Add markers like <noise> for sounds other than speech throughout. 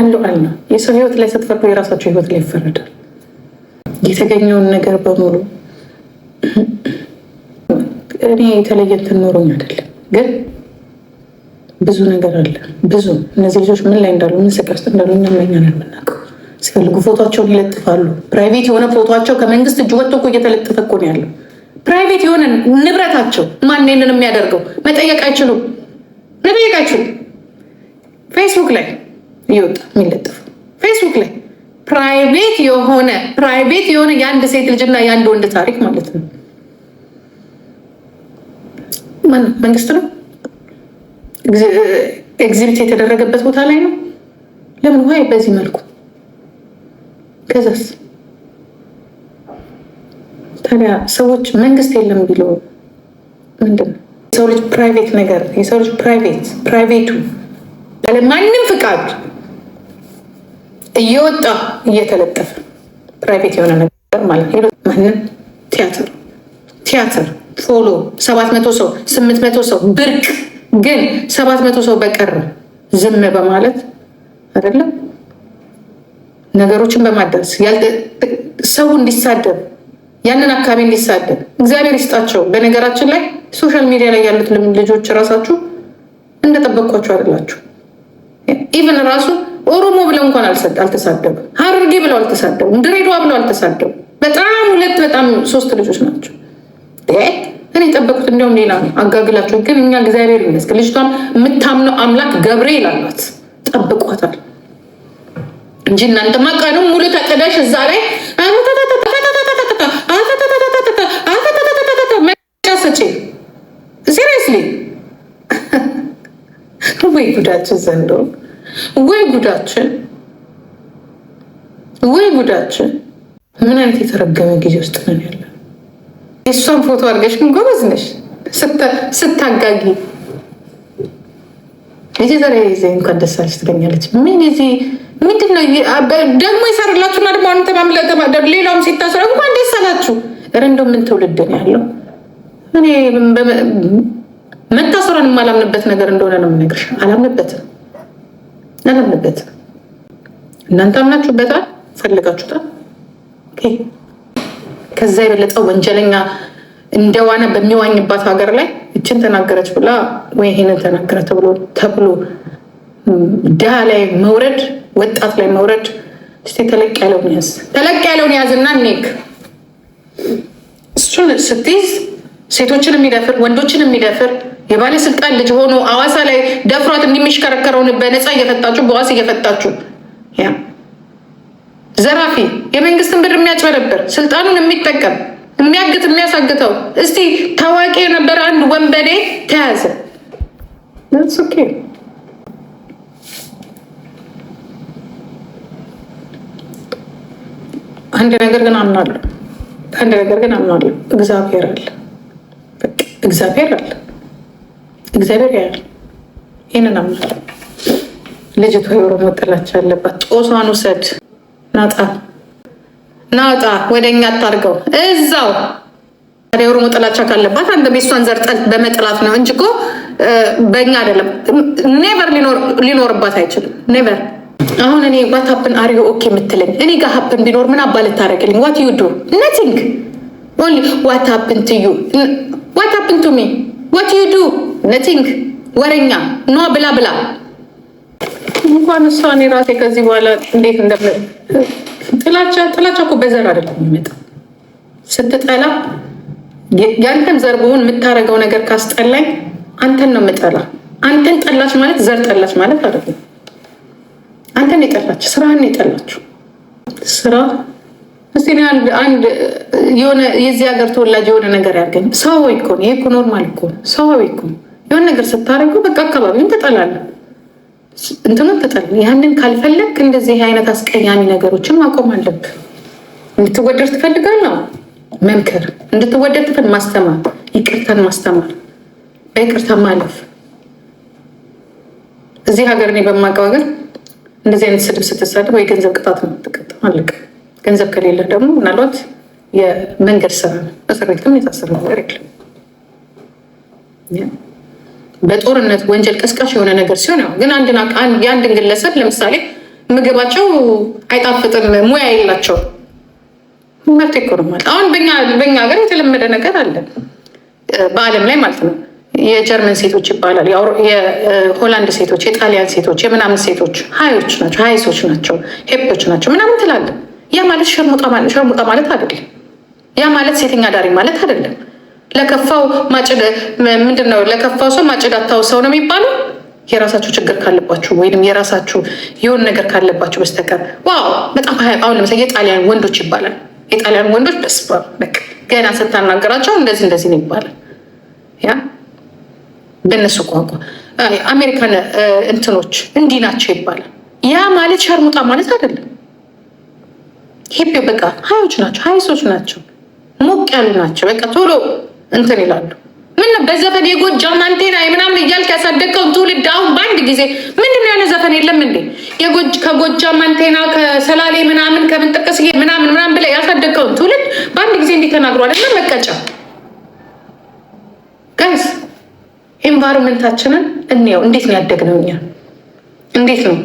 አለው አለ የሰው ህይወት ላይ ስትፈርዱ የራሳቸው ህይወት ላይ ይፈረዳል። የተገኘውን ነገር በሙሉ እኔ የተለየ እንትን ኖሮኝ አይደለም፣ ግን ብዙ ነገር አለ። ብዙ እነዚህ ልጆች ምን ላይ እንዳሉ ምን ስቃይ ውስጥ እንዳሉ እናለኛ ነው የምናውቀው። ሲፈልጉ ፎቶቸውን ይለጥፋሉ። ፕራይቬት የሆነ ፎቶቸው ከመንግስት እጅ ወጥቶ እኮ እየተለጠፈ እኮ ነው ያለው። ፕራይቬት የሆነ ንብረታቸው ማንንን የሚያደርገው መጠየቅ አይችሉም፣ መጠየቅ አይችሉም ፌስቡክ ላይ እየወጣ የሚለጠፍ ፌስቡክ ላይ ፕራይቬት የሆነ ፕራይቬት የሆነ የአንድ ሴት ልጅና የአንድ ወንድ ታሪክ ማለት ነው። መንግስት ነው ኤግዚቢት የተደረገበት ቦታ ላይ ነው። ለምን ውሃ በዚህ መልኩ ከዛስ ታዲያ ሰዎች መንግስት የለም ቢለው ምንድን ነው? የሰው ልጅ ፕራይቬት ነገር የሰው ልጅ ፕራይቬት ፕራይቬቱ ያለ ማንም ፍቃድ እየወጣ እየተለጠፈ ፕራይቬት የሆነ ነገር ማለት ማንም ቲያትር ቲያትር ፎሎ ሰባት መቶ ሰው ስምንት መቶ ሰው ብርቅ ግን ሰባት መቶ ሰው በቀረ ዝም በማለት አይደለም ነገሮችን በማዳስ ሰው እንዲሳደብ ያንን አካባቢ እንዲሳደብ እግዚአብሔር ይስጣቸው። በነገራችን ላይ ሶሻል ሚዲያ ላይ ያሉት ልጆች ራሳችሁ እንደጠበቅኳቸው አይደላችሁ ኢቨን ራሱ ኦሮሞ ብለው እንኳን አልተሳደቡ፣ ሀረርጌ ብለው አልተሳደቡ፣ ድሬዳዋ ብለው አልተሳደቡ። በጣም ሁለት በጣም ሶስት ልጆች ናቸው። እኔ የጠበቁት እንዲያውም ሌላ ነው። አጋግላቸው ግን እኛ እግዚአብሔር ይመስገን ልጅቷን የምታምነው አምላክ ገብርኤል አሏት፣ ጠብቋታል እንጂ እናንተማ ቀኑን ሙሉ ተቀዳሽ እዛ ላይ ሰጪ ሲሪየስሊ ወይ ጉዳችን ዘንዶ ወይ ጉዳችን ወይ ጉዳችን! ምን አይነት የተረገመ ጊዜ ውስጥ ነን ያለ። የእሷን ፎቶ አድርገሽ ግን ጎበዝ ነሽ ስታጋጊ። እዚህ ዛሬ ዜ እንኳን ደስ አለሽ ትገኛለች። ምን ጊዜ ምንድን ነው ደግሞ ይሰሩላችሁና ደግሞ አሁን ተማምለ ሌላውም ሲታሰረ እንኳን ደስ አላችሁ። ኧረ እንደው ምን ትውልድ ነው ያለው? እኔ መታሰሯን የማላምንበት ነገር እንደሆነ ነው የምነግርሽ። አላምንበትም አላምንበት። እናንተ አምናችሁበታል፣ ፈልጋችሁታል። ከዛ የበለጠ ወንጀለኛ እንደዋነ በሚዋኝባት ሀገር ላይ እችን ተናገረች ብላ ወይ ይሄንን ተናገረ ተብሎ ድሃ ላይ መውረድ፣ ወጣት ላይ መውረድ። ተለቅ ያለውን ያዝ፣ ተለቅ ያለውን ያዝ እና ኔክ እሱን ስትይዝ ሴቶችን የሚደፍር ወንዶችን የሚደፍር የባለስልጣን ልጅ ሆኖ አዋሳ ላይ ደፍሯት እንዲሚሽከረከረውን በነፃ እየፈጣችሁ በዋስ እየፈጣችሁ ዘራፊ፣ የመንግስትን ብር የሚያጭበረብር፣ ስልጣኑን የሚጠቀም፣ የሚያግት፣ የሚያሳግተው እስቲ ታዋቂ የነበረ አንድ ወንበዴ ተያዘ። አንድ ነገር ግን አምናለሁ። አንድ ነገር ግን አምናለሁ። እግዚአብሔር አለ። እግዚአብሔር አለ። እግዚአብሔር ያያል። ይህንን አምጣ። ልጅቱ የኦሮሞ ጥላቻ አለባት። ጦሷን ውሰድ። ናጣ ናጣ፣ ወደ እኛ አታርገው እዛው። ታዲያ የኦሮሞ ጥላቻ ካለባት አንተ ቤሷን ዘር በመጥላት ነው እንጂ እኮ በእኛ አይደለም። ኔቨር ሊኖርባት አይችልም። ኔቨር አሁን እኔ ዋት ሀፕን አሪዮ ኦኬ የምትለኝ እኔ ጋር ሀፕን ቢኖር ምን አባ ልታደርግልኝ? ዋት ዩ ዱ ነቲንግ ኦንሊ ዋት ሀፕን ቱ ዩ ዋት ሀፕን ቱ ሚ ወት ዩ ዱ ነቲንግ ወረኛ ኗ ብላ ብላ እንኳን እሷ እኔ ራሴ ከዚህ በኋላ እንዴት እንደ ጥላቻ ጥላቻ እኮ በዘር አይደለም የሚመጣ ስትጠላ ያንተን ዘር የምታደርገው ነገር ካስጠላኝ አንተን ነው የምጠላ። አንተን ጠላች ማለት ዘር ጠላች ማለት አይደለም። አንተን የጠላች ስራህን የጠላችው ስራ እስቲ አንድ አንድ የሆነ የዚህ ሀገር ተወላጅ የሆነ ነገር ያርገኝ። ሰው እኮ ነው። ይሄ እኮ ኖርማል እኮ ነው። ሰው እኮ የሆነ ነገር ስታደርጉ በቃ አካባቢውን ትጠላለህ፣ እንትኑን ትጠላለህ። ያንን ካልፈለግ እንደዚህ አይነት አስቀያሚ ነገሮችን ማቆም አለብህ። እንድትወደድ ትፈልጋለህ፣ መምከር፣ እንድትወደድ ትፈልግ፣ ማስተማር፣ ይቅርታን ማስተማር፣ በይቅርታ ማለፍ። እዚህ ሀገር እኔ በማውቀው ሀገር እንደዚህ አይነት ስድብ ስትሳደብ ወይ ገንዘብ ቅጣት ነው ትቀጣ አለቀ። ገንዘብ ከሌለ ደግሞ ምናልባት የመንገድ ስራ እስር ቤት የታሰር ነገር የለም። በጦርነት ወንጀል ቀስቃሽ የሆነ ነገር ሲሆን ያው ግን የአንድን ግለሰብ ለምሳሌ ምግባቸው አይጣፍጥም፣ ሙያ የላቸው መብት ይኮርማል። አሁን በኛ ሀገር የተለመደ ነገር አለ በዓለም ላይ ማለት ነው። የጀርመን ሴቶች ይባላል፣ የሆላንድ ሴቶች፣ የጣሊያን ሴቶች፣ የምናምን ሴቶች ሀዮች ናቸው፣ ሀይሶች ናቸው፣ ሄፖች ናቸው ምናምን ትላለን ያ ማለት ሸርሙጣ ማለት አይደለም። ያ ማለት ሴተኛ አዳሪ ማለት አይደለም። ለከፋው ማጭድ ምንድን ነው? ለከፋው ሰው ማጭድ ሰው ነው የሚባለው። የራሳችሁ ችግር ካለባችሁ ወይም የራሳችሁ የሆን ነገር ካለባችሁ በስተቀር ዋው በጣም አሁን ለምሳሌ የጣሊያን ወንዶች ይባላል። የጣሊያን ወንዶች በስ ገና ስታናገራቸው እንደዚህ እንደዚህ ነው ይባላል። ያ በእነሱ ቋንቋ አሜሪካን እንትኖች እንዲህ ናቸው ይባላል። ያ ማለት ሸርሙጣ ማለት አይደለም። ሄፒ በቃ ሀዮች ናቸው፣ ሀይሶች ናቸው፣ ሞቅ ያሉ ናቸው። በቃ ቶሎ እንትን ይላሉ። ምን በዘፈን የጎጃም አንቴና ምናምን እያልክ ያሳደግከውን ትውልድ አሁን በአንድ ጊዜ ምንድን ነው ያለ ዘፈን የለም እንዴ? ከጎጃም አንቴና ከሰላሌ ምናምን ከምንጠቀስ ምናምን ምናምን ብለህ ያሳደግከውን ትውልድ በአንድ ጊዜ እንዲህ ተናግሯል እና መቀጫ ጋይስ ኤንቫይሮንመንታችንን እንየው። እንዴት ነው ያደግነው እኛ? እንዴት ነው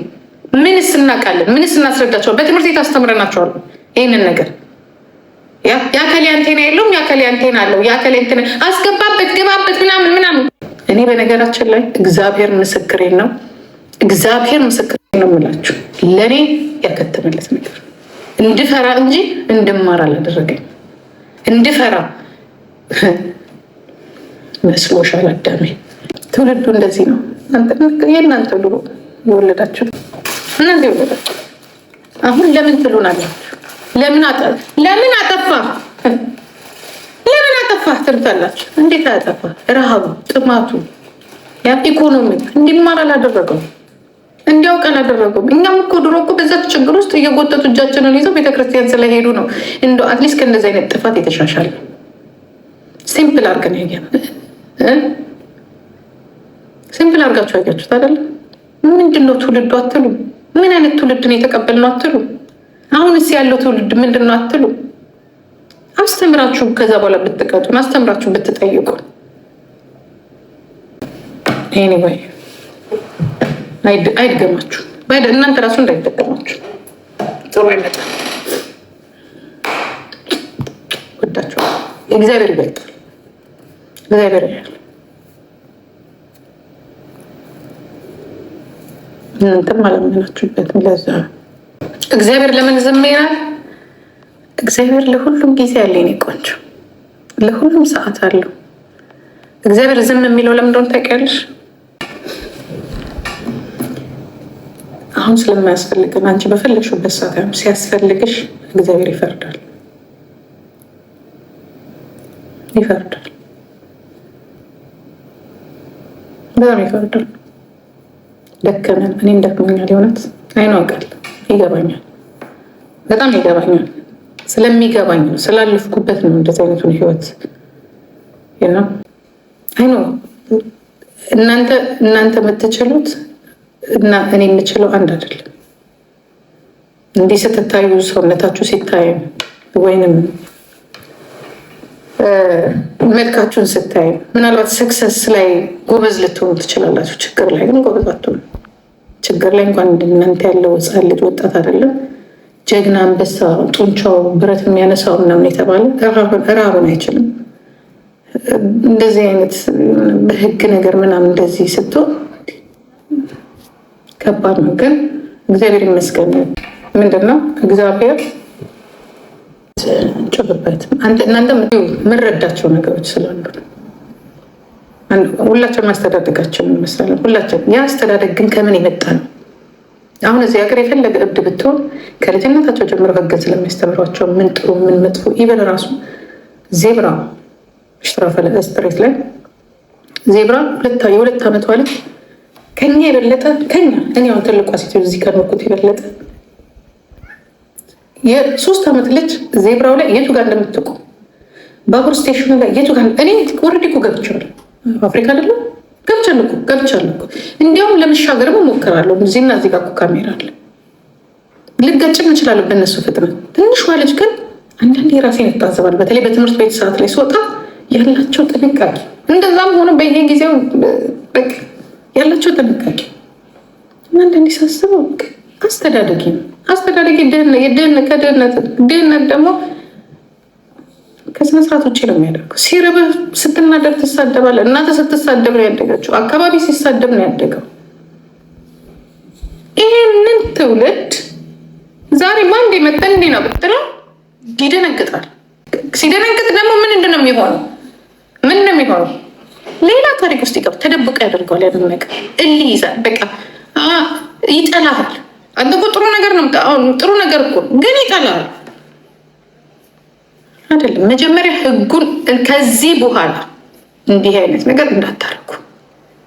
ምንስ እናውቃለን? ምንስ እናስረዳቸዋል? በትምህርት ቤት አስተምረናቸዋለን። ይህንን ነገር የአካል አንቴና የለውም፣ የአካል አንቴና አለው፣ የአካል አንቴና አስገባበት፣ ገባበት፣ ምናምን ምናምን። እኔ በነገራችን ላይ እግዚአብሔር ምስክሬ ነው፣ እግዚአብሔር ምስክሬ ነው የምላችሁ ለእኔ ያከተመለት ነገር እንድፈራ እንጂ እንድማር አላደረገኝ። እንድፈራ <laughs> መስሎሻል አዳሜ። ትውልዱ እንደዚህ ነው። የእናንተ ድሮ የወለዳችሁ እናንተ የወለዳችሁ አሁን ለምን ትሉናላችሁ? ለምን አጠፋ ለምን አጠፋ ትርታላችሁ። እንዴት አጠፋ? ረሃቡ፣ ጥማቱ፣ ያ ኢኮኖሚ እንዲማር አላደረገው እንዲያውቅ አላደረገውም። እኛም እኮ ድሮ እኮ በዛት ችግር ውስጥ እየጎተቱ እጃችንን ይዘው ቤተክርስቲያን ስለሄዱ ነው። እንደው አትሊስት ከእንደዚህ አይነት ጥፋት የተሻሻለ ሲምፕል አርገን ሄ ሲምፕል አርጋችሁ ያያችሁት አይደለም። ምንድን ነው ትውልዱ አትሉ? ምን አይነት ትውልድ ነው የተቀበልነው አትሉ? አሁንስ ያለው ትውልድ ምንድን ነው አትሉ? አስተምራችሁ ከዛ በኋላ ብትቀጡን፣ አስተምራችሁ ብትጠይቁ። ኤኒዌይ አይድገማችሁ፣ እናንተ ራሱ እንዳይጠቀማችሁ። ጥሩ አይመጣም። ወዳቸው እግዚአብሔር ይበልጣል። እግዚአብሔር ያል እናንተም አላመናችሁበትም። ለዛ ነው እግዚአብሔር ለምን ዝም ይላል? እግዚአብሔር ለሁሉም ጊዜ አለ። የኔ ቆንጆ ለሁሉም ሰዓት አለው። እግዚአብሔር ዝም የሚለው ለምን እንደሆነ ታውቂያለሽ? አሁን ስለማያስፈልግን አንቺ በፈለግሽበት ሰዓት ሲያስፈልግሽ እግዚአብሔር ይፈርዳል ይፈርዳል በጣም ይፈርዳል። ደከመን እኔም ደክሞኛል። የእውነት አይኗቃል ይገባኛል፣ በጣም ይገባኛል። ስለሚገባኝ ነው፣ ስላለፍኩበት ነው። እንደዚህ አይነቱን ህይወት አይኖ እናንተ እናንተ የምትችሉት እና እኔ የምችለው አንድ አይደለም። እንዲህ ስትታዩ ሰውነታችሁ ሲታይም ወይንም መልካችሁን ስታይም ምናልባት ሰክሰስ ላይ ጎበዝ ልትሆኑ ትችላላችሁ። ችግር ላይ ግን ጎበዝ ችግር ላይ እንኳን እንደናንተ ያለው ሕፃን ልጅ ወጣት አይደለም ጀግና አንበሳ ጡንቻው ብረት የሚያነሳው ምናምን የተባለ ራብን አይችልም። እንደዚህ አይነት በህግ ነገር ምናምን እንደዚህ ስትሆን ከባድ ነው። ግን እግዚአብሔር ይመስገን ምንድን ነው እግዚአብሔር ጭብበት እናንተ ምረዳቸው ነገሮች ስላሉ ሁላችን የሚያስተዳድጋቸው ይመስላል። ሁላቸው ያ አስተዳደግ ግን ከምን የመጣ ነው? አሁን እዚህ ሀገር የፈለገ እብድ ብትሆን ከልጅነታቸው ጀምሮ ህግን ስለሚያስተምሯቸው ምን ጥሩ ምን መጥፎ ይበል ራሱ ዜብራ ሽራፈለ ስትሬት ላይ ዜብራ የሁለት ዓመቷ ልጅ ከኛ የበለጠ ከኛ እኔ አሁን ትልቋ ሴት እዚህ ከኖርኩት የበለጠ የሶስት ዓመት ልጅ ዜብራው ላይ የቱ ጋር እንደምትቁ ባቡር ስቴሽኑ ላይ የቱ ጋር እኔ ወረድ እኮ ገብቻለሁ አፍሪካ አይደለም ገብቻለሁ እኮ ገብቻለሁ እኮ እንዲያውም ለመሻገርም እሞክራለሁ። እዚህና እዚህ ጋር እኮ ካሜራ አለ፣ ልገጭም እንችላለን በእነሱ ፍጥነት። ትንሽ ዋለች ግን አንዳንዴ የራሴን እታዘባለሁ። በተለይ በትምህርት ቤት ሰዓት ላይ ስወጣ ያላቸው ጥንቃቄ፣ እንደዛም ሆነ በየጊዜው ያላቸው ጥንቃቄ እና አንዳንዴ ሳስበው አስተዳደጌ ነው አስተዳደጌ ድህነት ከድህነት ድህነት ደግሞ ከስነ ስርዓት ውጭ ነው የሚያደርገው። ሲርብህ ስትናደር ትሳደባለ እናተ ስትሳደብ ነው ያደገችው። አካባቢ ሲሳደብ ነው ያደገው። ይህንን ትውልድ ዛሬ ማንዴ መጠን እንዴ ነው ብትለው ይደነግጣል። ሲደነግጥ ደግሞ ምን እንደነው የሚሆነው? ምን ነው የሚሆነው? ሌላ ታሪክ ውስጥ ይገባ ተደብቆ ያደርገዋል። ያንን ነገር እል ይዛል። በቃ ይጠላሃል። አንተ ጥሩ ነገር ነው ጥሩ ነገር እኮ ግን ይጠላሃል። አይደለም። መጀመሪያ ህጉን ከዚህ በኋላ እንዲህ አይነት ነገር እንዳታረጉ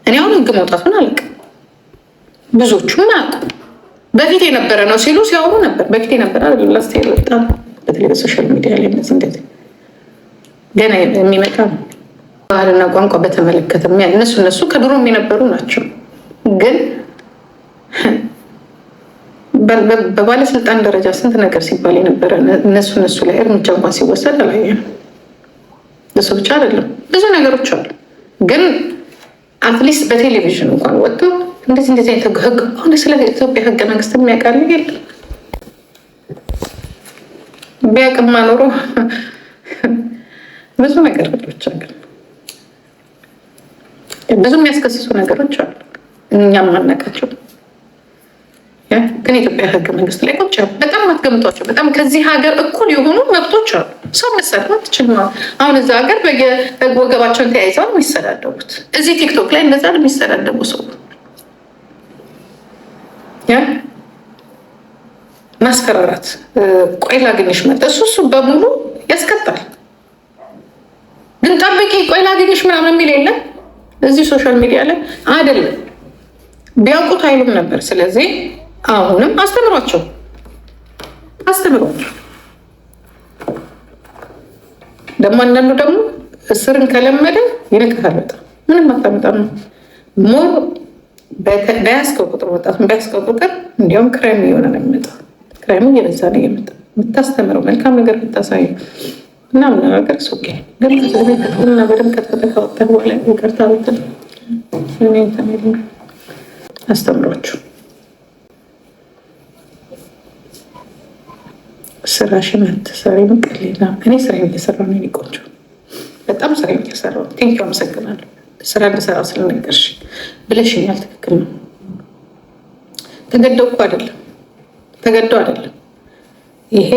እኔ አሁን ህግ መውጣቱን አላውቅም፣ ብዙዎቹም አያውቁም። በፊት የነበረ ነው ሲሉ ሲያወሩ ነበር። በፊት የነበረ ላስ በጣም በተለይ በሶሻል ሚዲያ ላይ ነት እንደት ገና የሚመጣ ነው። ባህልና ቋንቋ በተመለከተ እነሱ እነሱ ከድሮም የነበሩ ናቸው ግን በባለስልጣን ደረጃ ስንት ነገር ሲባል የነበረ እነሱ እነሱ ላይ እርምጃ እንኳን ሲወሰድ አላየንም። እሱ ብቻ አይደለም ብዙ ነገሮች አሉ። ግን አትሊስት በቴሌቪዥን እንኳን ወጥቶ እንደዚህ እንደዚህ አይነት ህግ አሁን ስለ ኢትዮጵያ ህገ መንግስት የሚያውቃል የለም። ቢያቅማ ኖሮ ብዙ ነገሮች አሉ፣ ብዙ የሚያስከስሱ ነገሮች አሉ እኛም ማናቃቸው ግን የኢትዮጵያ ህገ መንግስት ላይ ቁጭ በጣም አትገምጧቸው። በጣም ከዚህ ሀገር እኩል የሆኑ መብቶች አሉ። ሰው መሰደብ አትችልም። አሁን እዛ ሀገር ወገባቸውን ተያይዘው የሚሰዳደቡት እዚህ ቲክቶክ ላይ እንደዛ የሚሰዳደቡ ሰው ማስፈራራት፣ ቆይ ላግኝሽ መጠ እሱ እሱ በሙሉ ያስቀጣል። ግን ጠብቂ፣ ቆይ ላግኝሽ ምናምን የሚል የለም እዚህ ሶሻል ሚዲያ ላይ አይደለም። ቢያውቁት አይሉም ነበር። ስለዚህ አሁንም አስተምሯቸው አስተምሯቸው። ደግሞ አንዳንዱ ደግሞ እስርን ከለመደ ይነካል። በጣም ምንም አታመጣም ሞር በያዝከው ቁጥር ወጣት በያዝከው ቁጥር እንዲያውም ክራይም እየሆነ ነው የሚመጣው። ክራይሙ እየበዛ ነው የሚመጣው። የምታስተምረው መልካም ነገር ብታሳዩ እና ምናገር ሶ ግን ስለሚቀጥልና በድምቀት ከተካወጠ በኋላ ይቅርታ ብትል አስተምሯቸው ስራሽን አትሰሪም። ቀሌላ እኔ ስራ እየሰራ ነው። ቆንጆ በጣም ስራ እየሰራሁ ቴንኪው፣ አመሰግናለሁ። ስራ እንደሰራሁ ስለነገርሽ ብለሽኛል። ትክክል ነው። ተገደው እኮ አይደለም ተገደው አይደለም። ይሄ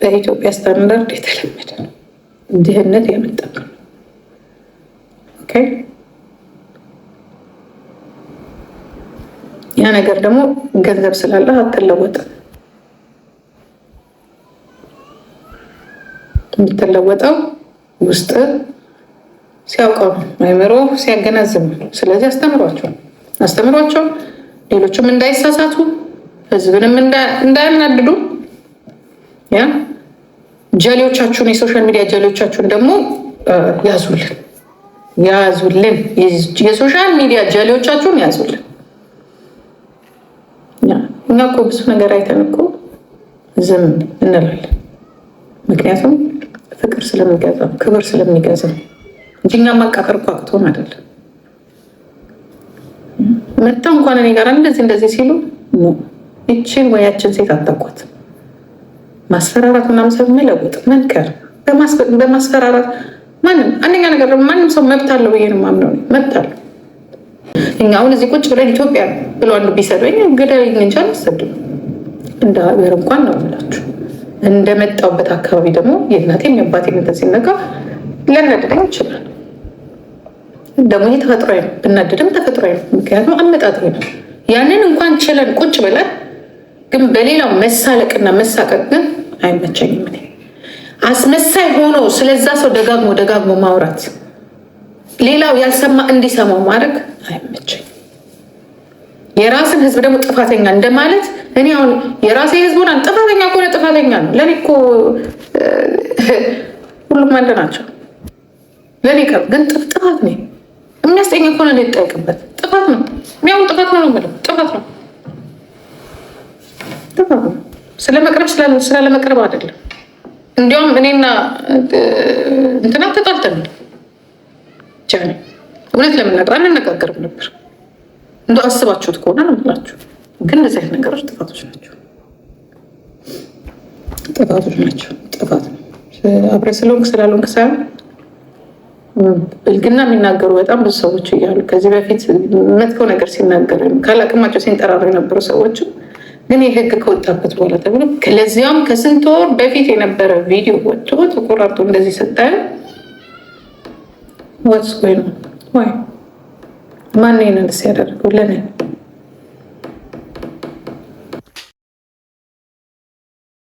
በኢትዮጵያ ስታንዳርድ የተለመደ ነው። ድህነት ነው። ያ ነገር ደግሞ ገንዘብ ስላለ አትለወጥም። የምትለወጠው ውስጥ ሲያውቀው አይምሮ ሲያገናዝም ስለዚህ አስተምሯቸው አስተምሯቸው ሌሎችም እንዳይሳሳቱ ህዝብንም እንዳያናድዱ ያ ጀሌዎቻችሁን የሶሻል ሚዲያ ጀሌዎቻችሁን ደግሞ ያዙልን ያዙልን የሶሻል ሚዲያ ጀሌዎቻችሁን ያዙልን። እኛ እኮ ብዙ ነገር አይተን እኮ ዝም እንላለን፣ ምክንያቱም ፍቅር ስለሚገዛ ክብር ስለሚገዛ እንጂ እኛም አቃቀር እኮ አቅቶን አይደለም። መጣ እንኳን እኔ ጋር እንደዚህ እንደዚህ ሲሉ ይችን ወያችን ሴት አታቋት። ማስፈራራት ምናምን ሰብ መለወጥ መንከር በማስፈራራት ማንም አንደኛ ነገር ማንም ሰው መብት አለው ብዬ ነው የማምነው። መብት አለ። እኛ አሁን እዚህ ቁጭ ብለን ኢትዮጵያ ብሎ አንዱ ቢሰድበኝ ገዳኝ እንጂ አላሰድም። እንደ ሀገር እንኳን ነው ምላችሁ እንደመጣውበት አካባቢ ደግሞ የእናቴም የአባቴም እንትን ሲነካ ሊያናድደኝ ይችላል። ደግሞ ይህ ተፈጥሯዊ ነው፣ ብናድድም ተፈጥሮ ነው። ምክንያቱም አመጣጤ ነው። ያንን እንኳን ችለን ቁጭ ብለን ግን በሌላው መሳለቅና መሳቀቅ ግን አይመቸኝም። አስመሳይ ሆኖ ስለዛ ሰው ደጋግሞ ደጋግሞ ማውራት፣ ሌላው ያልሰማ እንዲሰማው ማድረግ አይመቸኝም። የራስን ህዝብ ደግሞ ጥፋተኛ እንደማለት እኔ አሁን የራሴ ህዝብ ሆና ጥፋተኛ ከሆነ ጥፋተኛ ነው። ለእኔ እኮ ሁሉም አንድ ናቸው። ለእኔ ቀብ ግን ጥፋት ነው የሚያስጠኛ ከሆነ እኔ ጠይቅበት ጥፋት ነው የሚያሁን ጥፋት ነው ነው ጥፋት ነው ጥፋት ነው። ስለመቅረብ ስላለመቅረብ አይደለም። እንዲያውም እኔና እንትና ተጣልተን እውነት ለምናቀር አንነጋገርም ነበር እንደ አስባችሁት ከሆነ ነው ብላችሁ ግን እንደዚህ አይነት ነገሮች ጥፋቶች ናቸው። ጥፋቶች ናቸው። ጥፋት ነው። አብረህ ስለሆንክ ስላልሆንክ ሳይሆን ብልግና የሚናገሩ በጣም ብዙ ሰዎች እያሉ ከዚህ በፊት መጥፎ ነገር ሲናገር ካላቅማቸው ሲንጠራሩ የነበሩ ሰዎችም ግን ይህ ህግ ከወጣበት በኋላ ተብሎ ለዚያም ከስንት ወር በፊት የነበረ ቪዲዮ ወጥቶ ተቆራርጦ እንደዚህ ስታዩ ዋትስ ወይ ነው ወይ ማን ይህንን ያደረገው? ለምን